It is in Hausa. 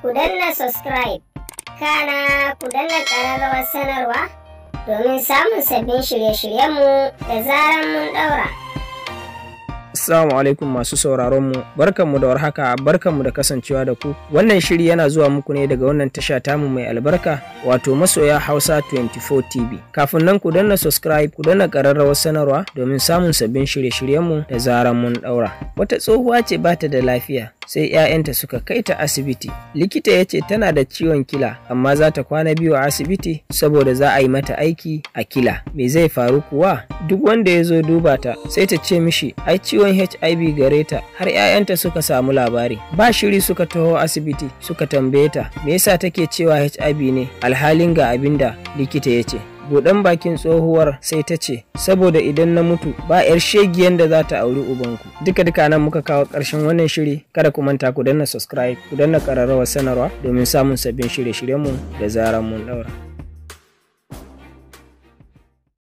ku danna subscribe kana ku danna ƙararrawar sanarwa domin samun sabbin shirye-shiryenmu da zaran mun ɗaura. Assalamu alaikum masu sauraronmu, barkanmu da warhaka, barkanmu da kasancewa da ku. Wannan shiri yana zuwa muku ne daga wannan tasha mu mai albarka, wato masoya Hausa 24 TV. Kafin nan ku danna subscribe, ku danna ƙararrawar sanarwa domin samun sabbin shirye-shiryenmu da zaran mun ɗaura. Wata tsohuwa ce bata da lafiya, sai 'ya'yanta suka kai ta asibiti likita ya ce tana da ciwon kila amma za ta kwana biyu a asibiti saboda za a yi mata aiki a kila me zai faru kuwa duk wanda ya zo duba ta sai ta ce mishi ai ciwon hiv gare ta har 'ya'yanta suka samu labari ba shiri suka taho asibiti suka tambaye ta me yasa take cewa hiv ne alhalin ga abinda likita ya ce buɗan bakin tsohuwar sai ta ce saboda idan na mutu ba 'yar shegiyan da za ta auri ubanku duka duka nan muka kawo ƙarshen wannan shiri kada ku manta ku danna subscribe ku danna ƙararrawar sanarwa domin samun sabbin shirye-shiryenmu da zarar mun ɗaura.